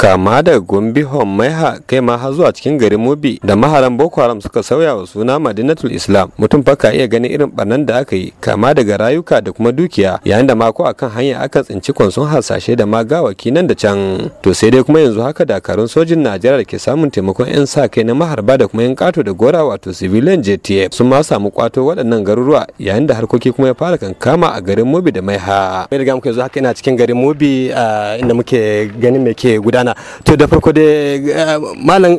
kama da gombe maiha kai ma har zuwa cikin garin mobi da maharan boko haram suka sauya wa suna madinatul islam mutum fa ka iya ganin irin barnan da aka yi kama daga rayuka da kuma dukiya yayin da mako akan hanya aka tsinci kwanson hasashe da ma gawaki nan da can to sai dai kuma yanzu haka dakarun sojin najeriya da ke samun taimakon yan sa kai na maharba da kuma yan kato da gora wato civilian jtf sun ma samu kwato waɗannan garuruwa yayin da harkoki kuma ya fara kankama a garin mobi da maiha. Mai riga muke yanzu haka ina cikin garin mobi inda muke ganin me ke gudana mana to da farko da eh, malam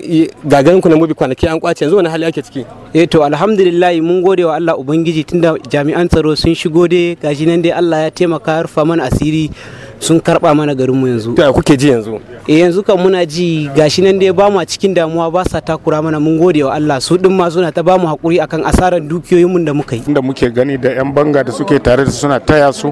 gagarin ku na mubi kwanaki an kwace yanzu wani hali ake ciki eh to alhamdulillah mun gode wa Allah ubangiji tunda jami'an tsaro sun shigo dai gashi nan dai Allah ya taimaka rufa mana asiri sun karba mana garinmu yanzu to kuke ji yanzu eh yanzu kan muna ji gashi nan dai ba mu a cikin damuwa ba sa takura mana mun gode wa Allah su din ma suna ta ba mu hakuri akan asaran dukiyoyinmu da muka yi inda muke gani da yan banga da suke tare da suna taya su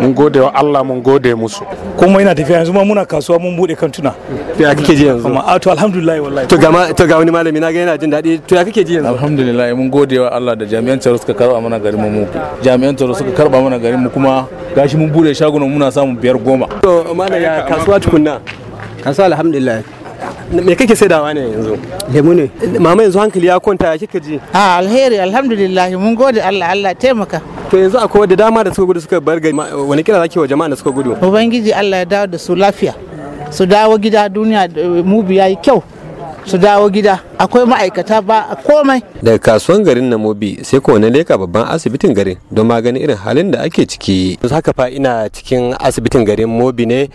mun gode wa Allah mun gode musu kuma ina tafiya yanzu ma muna kasuwa mun bude kantuna to ya kake ji yanzu amma a to alhamdulillah wallahi to ga to ga wani malami na ga yana jin daɗi to ya kake ji yanzu alhamdulillah mun gode wa Allah da jami'an tsaro suka karba mana garin mu jami'an tsaro suka karba mana garin mu kuma gashi mun bude shagunan muna samun biyar goma. To amana ya kasuwa tukunna? Kasuwa alhamdulillah. Me kake saidawa ne yanzu? Lemu ne. Mama yanzu hankali ya kwanta ya kika ji? A ah, alheri alhamdulillah mun gode Allah Allah taimaka. To yanzu akwai da dama da suka gudu suka bar gari wani kira zaki wa jama'a da suka gudu? Ubangiji Allah ya dawo da su lafiya. Su dawo gida duniya eh, mu biya kyau. Su dawo gida. akwai ma'aikata ba a komai daga kasuwan garin namobi sai ko na leka babban asibitin garin don maganin irin halin da ake ciki haka fa ina cikin asibitin garin mobi ne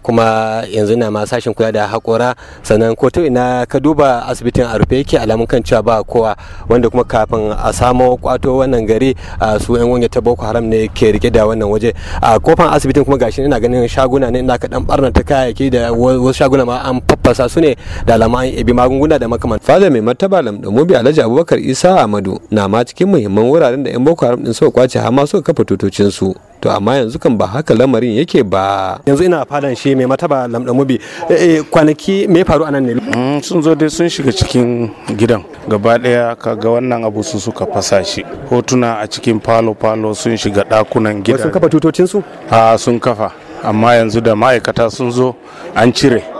kuma yanzu na ma kula da haƙora sannan ko ta ina ka duba asibitin a rufe yake alamun kan cewa ba kowa wanda kuma kafin a samo kwato wannan gari su yan wanda ta boko haram ne ke rike da wannan waje a kofan asibitin kuma gashi ina ganin shaguna ne ina ka dan barna ta kayayyaki da wasu shaguna ma an faffasa su ne da alama an ebi magunguna da makaman fada mai martaba lamdamobi alhaji abubakar isa amadu na ma cikin muhimman wuraren da yan boko haram din suka kwace har ma suka kafa tutocin su to amma yanzu kan ba haka lamarin yake ba yanzu ina fadan shi mai martaba mubi. Eh, eh, kwanaki me faru anan ne mm, sun zo dai sun shiga cikin gidan gaba daya kaga wannan abu su suka fasa shi hotuna a cikin falo falo sun shiga dakunan gidan sun kafa tutocin su a ah, sun kafa amma yanzu da ma'aikata sun zo an cire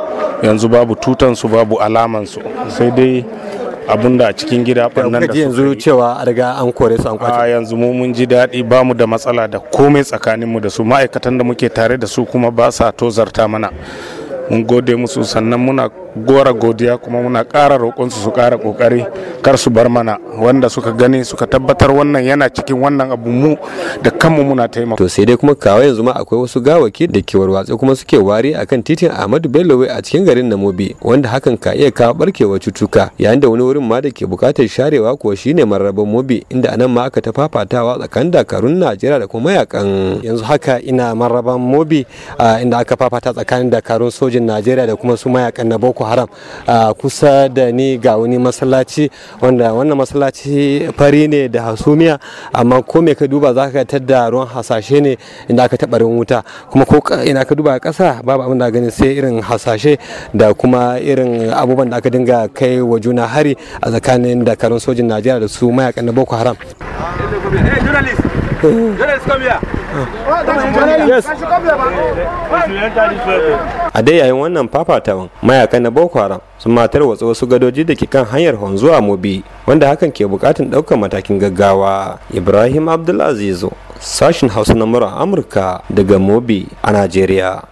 yanzu babu tutansu babu alamansu sai dai abinda a cikin gida nan da yanzu cewa a riga an kore su an kwace a yanzu mu mun ji daɗi ba mu da matsala da komai tsakaninmu da su ma'aikatan da muke tare da su kuma ba sa tozarta mana mun gode musu sannan muna gora godiya kuma muna ƙara roƙonsu su ƙara ƙoƙari kar su bar mana wanda suka gani suka tabbatar wannan yana cikin wannan abu mu da kanmu muna taimaka. To sai dai kuma kawo yanzu ma akwai wasu gawaki da ke warwatse kuma suke wari akan titin Ahmadu Bello a cikin garin Namobi wanda hakan ka iya kawo barkewa cutuka yayin da wani wurin ma da ke buƙatar sharewa kuwa shine mararraban Mobi inda anan ma aka ta fafatawa tsakanin dakarun Najeriya da kuma mayakan yanzu haka ina mararraban Mobi inda aka fafata tsakanin dakarun soja sojin najeriya da kuma su mayakan na boko haram a kusa da ni ga wani masallaci wanda wannan masallaci fari ne da hasumiya amma ko me ka duba zaka ta da ruwan hasashe ne inda aka taɓa wuta kuma ko ina ka duba ƙasa babu abin da gani sai irin hasashe da kuma irin abubuwan da aka dinga kai wa juna hari a tsakanin dakarun sojin najeriya da su mayakan na boko haram Yes. Yes. a dai yayin wannan fafatawan mayaka na boko haram sun matar watsa wasu gadoji da ke kan hanyar zuwa mobi wanda hakan ke bukatun ɗaukar matakin gaggawa ibrahim abdulaziz sashin hausa na mura amurka daga mobi a najeriya